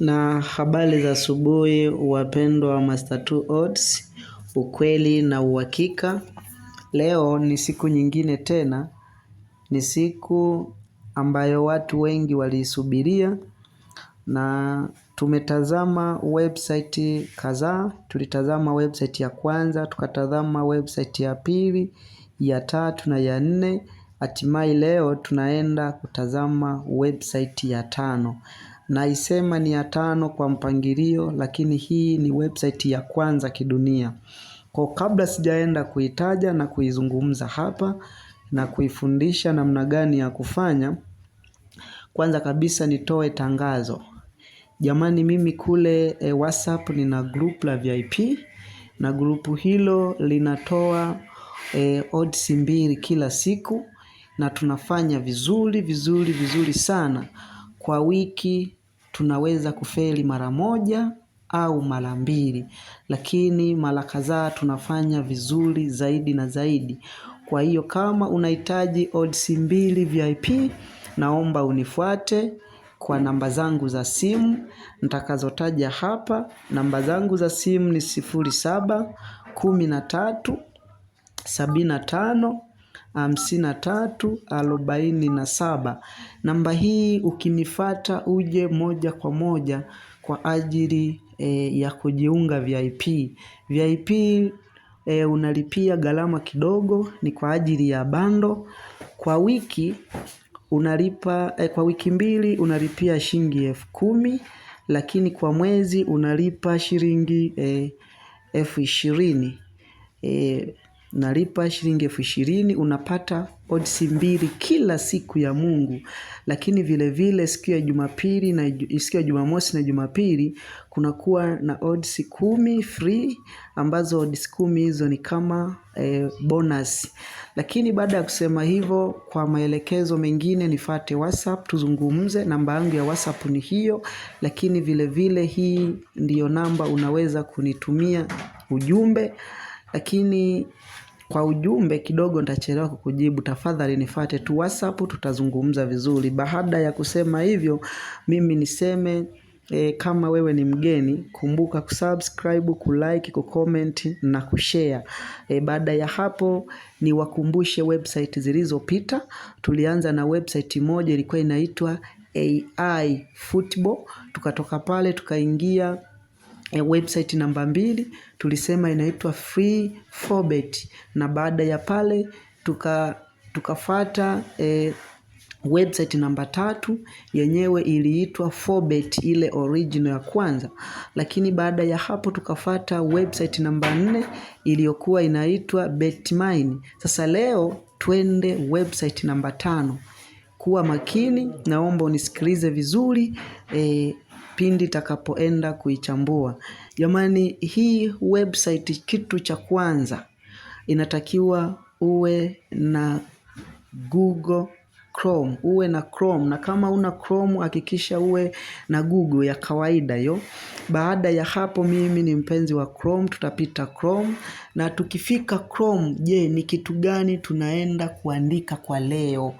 Na habari za asubuhi wapendwa Master Two Odds, ukweli na uhakika. Leo ni siku nyingine tena, ni siku ambayo watu wengi waliisubiria, na tumetazama website kadhaa. Tulitazama website ya kwanza, tukatazama website ya pili, ya tatu na ya nne. Hatimaye leo tunaenda kutazama website ya tano naisema ni ya tano kwa mpangilio lakini hii ni website ya kwanza kidunia. Kwa kabla sijaenda kuitaja na kuizungumza hapa na kuifundisha namna gani ya kufanya, kwanza kabisa nitoe tangazo. Jamani mimi kule eh, WhatsApp nina group la VIP na group hilo linatoa eh, odds mbili kila siku na tunafanya vizuri vizuri vizuri sana kwa wiki tunaweza kufeli mara moja au mara mbili, lakini mara kadhaa tunafanya vizuri zaidi na zaidi. Kwa hiyo kama unahitaji odds mbili VIP, naomba unifuate kwa namba zangu za simu nitakazotaja hapa. Namba zangu za simu ni sifuri saba kumi na tatu sabini na tano hamsini na tatu arobaini na saba. Namba hii ukinifata uje moja kwa moja kwa ajili e, ya kujiunga VIP. VIP e, unalipia gharama kidogo ni kwa ajili ya bando. Kwa wiki unalipa e, kwa wiki mbili unalipia shilingi elfu kumi lakini kwa mwezi unalipa shilingi elfu ishirini unalipa shilingi elfu ishirini unapata odds mbili kila siku ya Mungu. Lakini vile vile siku ya Jumapili na siku ya Jumamosi na Jumapili kunakuwa na odds kumi free, ambazo odds kumi hizo ni kama eh, bonus. Lakini baada ya kusema hivyo, kwa maelekezo mengine nifate WhatsApp tuzungumze. Namba yangu ya WhatsApp ni hiyo, lakini vile vile hii ndiyo namba unaweza kunitumia ujumbe, lakini kwa ujumbe kidogo nitachelewa kukujibu tafadhali nifate tu whatsapp tutazungumza vizuri. Baada ya kusema hivyo mimi niseme eh, kama wewe ni mgeni kumbuka kusubscribe, kulike, kucomment na kushare. Eh, baada ya hapo niwakumbushe website zilizopita. Tulianza na website moja ilikuwa inaitwa AI Football. Tukatoka pale tukaingia E, website namba mbili tulisema inaitwa Free Forbet, na baada ya pale tuka tukafata e, website namba tatu yenyewe iliitwa Forbet ile original ya kwanza, lakini baada ya hapo tukafata website namba nne iliyokuwa inaitwa Betmine. Sasa leo twende website namba tano. Kuwa makini, naomba unisikilize vizuri e, pindi takapoenda kuichambua. Jamani hii website kitu cha kwanza inatakiwa uwe na Google Chrome, uwe na Chrome na kama una Chrome hakikisha uwe na Google ya kawaida yo. Baada ya hapo mimi ni mpenzi wa Chrome, tutapita Chrome na tukifika Chrome je ni kitu gani tunaenda kuandika kwa leo.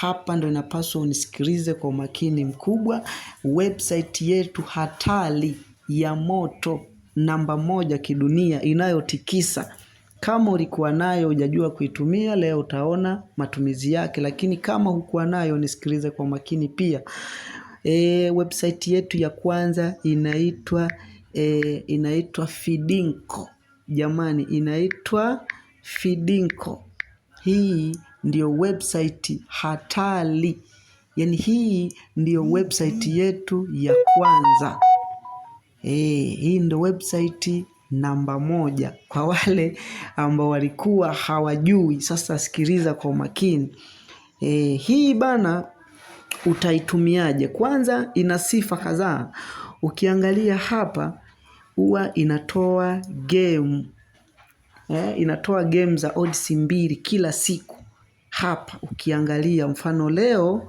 Hapa ndo inapaswa unisikilize kwa umakini mkubwa. Website yetu hatari ya moto namba moja kidunia inayotikisa. Kama ulikuwa nayo hujajua kuitumia, leo utaona matumizi yake, lakini kama hukuwa nayo nisikilize kwa makini pia. E, website yetu ya kwanza inaitwa e, inaitwa Fidinko. Jamani, inaitwa Fidinko. Hii ndiyo website hatari. Yani hii ndiyo website yetu ya kwanza. Eee, eh, hii ndio website namba moja. Kwa wale ambao walikuwa hawajui, sasa sikiliza kwa umakini. Eee, eh, hii bana utaitumiaje? Kwanza ina sifa kadhaa. Ukiangalia hapa huwa inatoa game. Eee, eh, inatoa game za odds mbili kila siku hapa ukiangalia mfano leo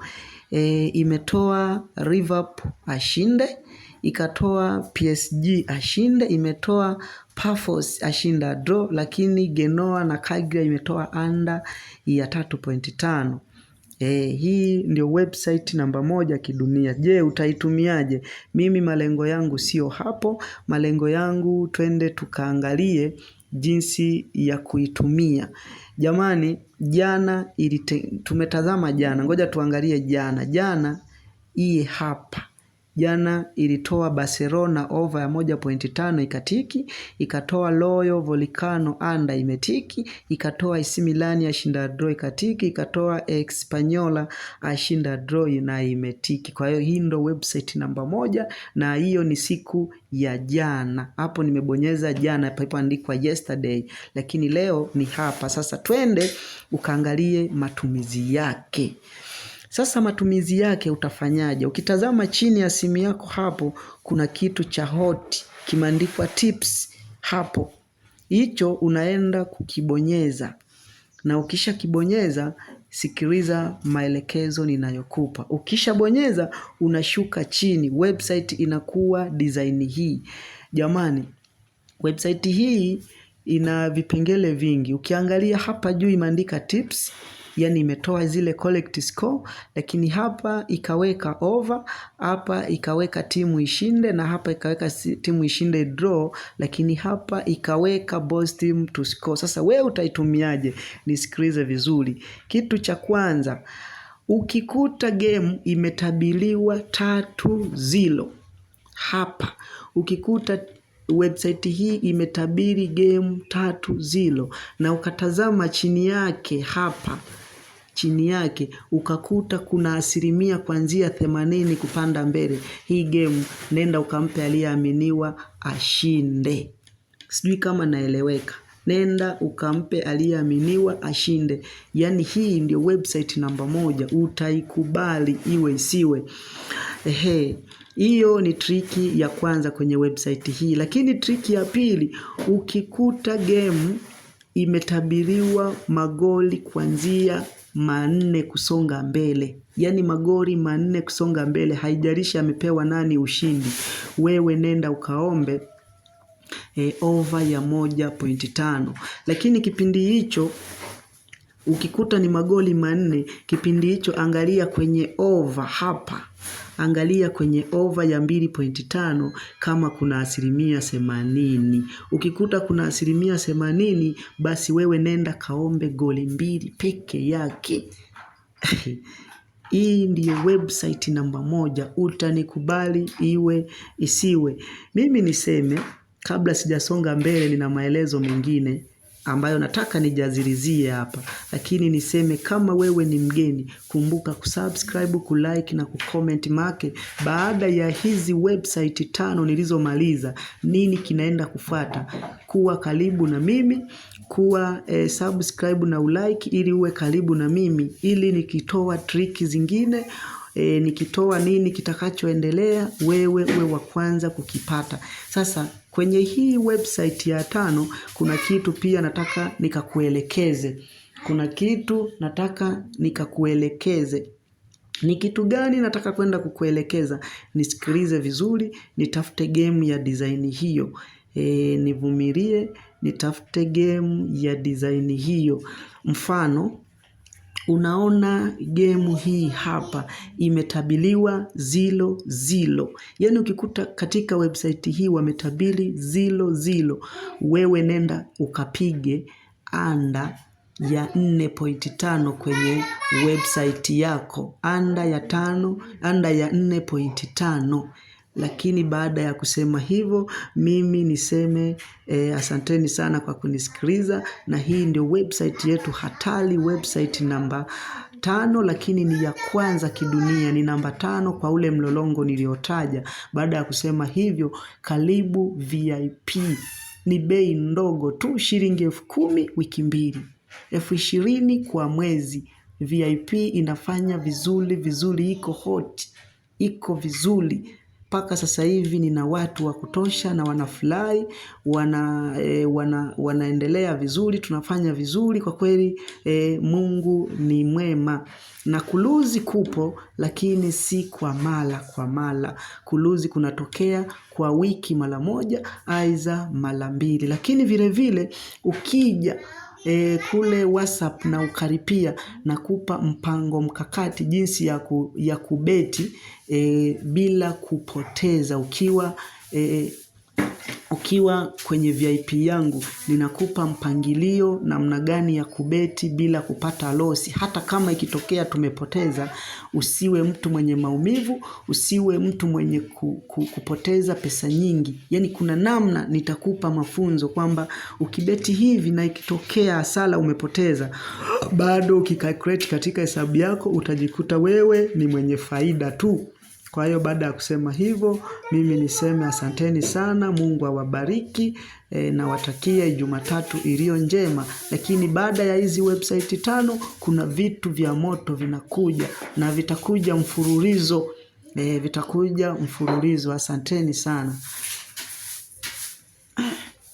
e, imetoa Liverpool ashinde, ikatoa PSG ashinde, imetoa Pafos ashinda draw, lakini Genoa na Cagliari imetoa anda ya 3.5. E, hii ndio website namba moja kidunia. Je, utaitumiaje? Mimi malengo yangu sio hapo. Malengo yangu twende tukaangalie jinsi ya kuitumia. Jamani, jana tumetazama jana. Ngoja tuangalie jana. Jana iye hapa. Jana ilitoa Barcelona over ya 1.5 ikatiki, ikatoa Loyo Volcano anda imetiki, ikatoa AC Milan ashinda draw ikatiki, ikatoa Espanyola ashinda draw na imetiki. Kwa hiyo hii ndo website namba moja na hiyo ni siku ya jana. Hapo nimebonyeza jana andikwa yesterday, lakini leo ni hapa sasa. Twende ukaangalie matumizi yake. Sasa matumizi yake utafanyaje? Ukitazama chini ya simu yako hapo kuna kitu cha hot kimeandikwa tips hapo. Hicho unaenda kukibonyeza. Na ukisha kibonyeza sikiliza maelekezo ninayokupa. Ukishabonyeza unashuka chini, website inakuwa design hii. Jamani, website hii ina vipengele vingi. Ukiangalia hapa juu imeandika tips yani imetoa zile collect score, lakini hapa ikaweka over, hapa ikaweka timu ishinde na hapa ikaweka timu ishinde draw, lakini hapa ikaweka both team to score. Sasa we utaitumiaje? Nisikilize vizuri. Kitu cha kwanza, ukikuta game imetabiliwa tatu zilo hapa, ukikuta website hii imetabiri game tatu zilo na ukatazama chini yake hapa chini yake ukakuta kuna asilimia kuanzia themanini kupanda mbele. Hii game nenda ukampe aliyeaminiwa ashinde. Sijui kama naeleweka. Nenda ukampe aliyeaminiwa ashinde. Yaani hii ndio website namba moja. Utaikubali iwe isiwe. Ehe. Hiyo ni triki ya kwanza kwenye website hii. Lakini triki ya pili, ukikuta game imetabiriwa magoli kuanzia manne kusonga mbele. Yaani magori manne kusonga mbele haijarishi amepewa nani ushindi. Wewe nenda ukaombe e, over ya moja pointi tano. Lakini kipindi hicho Ukikuta ni magoli manne kipindi hicho angalia kwenye over hapa. Angalia kwenye over ya 2.5 kama kuna asilimia themanini. Ukikuta kuna asilimia themanini basi wewe nenda kaombe goli mbili peke yake. Hii ndiyo website namba moja, utanikubali iwe isiwe. Mimi niseme kabla sijasonga mbele, nina maelezo mengine ambayo nataka nijazirizie hapa, lakini niseme kama wewe ni mgeni, kumbuka kusubscribe, kulike na kucomment make. Baada ya hizi website tano nilizomaliza, nini kinaenda kufata Kuwa karibu na mimi, kuwa eh, subscribe na ulike, ili uwe karibu na mimi, ili nikitoa triki zingine E, nikitoa nini kitakachoendelea, wewe uwe wa kwanza kukipata. Sasa Kwenye hii website ya tano kuna kitu pia nataka nikakuelekeze. Kuna kitu nataka nikakuelekeze. Ni kitu gani nataka kwenda kukuelekeza? Nisikilize vizuri, nitafute game ya design hiyo. E, nivumilie, nitafute game ya design hiyo. Mfano unaona gemu hii hapa imetabiliwa zilo zilo. Yaani ukikuta katika website hii wametabili zilo zilo, wewe nenda ukapige anda ya 4.5 kwenye website yako, anda ya tano, anda ya 4.5. Lakini baada ya kusema hivyo mimi niseme eh, asanteni sana kwa kunisikiliza na hii ndio website yetu hatari website namba tano lakini ni ya kwanza kidunia ni namba tano kwa ule mlolongo niliotaja. Baada ya kusema hivyo, karibu VIP ni bei ndogo tu shilingi elfu kumi wiki mbili. Elfu ishirini kwa mwezi, VIP inafanya vizuri, vizuri, iko hot, iko vizuri mpaka sasa hivi nina watu wa kutosha na wanafurahi wana, e, wana, wanaendelea vizuri, tunafanya vizuri kwa kweli. E, Mungu ni mwema na kuluzi kupo, lakini si kwa mara kwa mara. Kuluzi kunatokea kwa wiki mara moja, aiza mara mbili, lakini vilevile ukija e, kule WhatsApp na ukaripia na kupa mpango mkakati jinsi ya, ku, ya kubeti e, bila kupoteza ukiwa e, ukiwa kwenye VIP yangu ninakupa mpangilio namna gani ya kubeti bila kupata losi. Hata kama ikitokea tumepoteza usiwe mtu mwenye maumivu, usiwe mtu mwenye kupoteza pesa nyingi. Yaani kuna namna nitakupa mafunzo kwamba ukibeti hivi na ikitokea hasara umepoteza. Bado uki katika hesabu yako utajikuta wewe ni mwenye faida tu. Kwa hiyo baada ya kusema hivyo, mimi niseme asanteni sana, Mungu awabariki e, na watakia Jumatatu iliyo njema. Lakini baada ya hizi website tano, kuna vitu vya moto vinakuja na vitakuja mfululizo e, vitakuja mfululizo. Asanteni sana.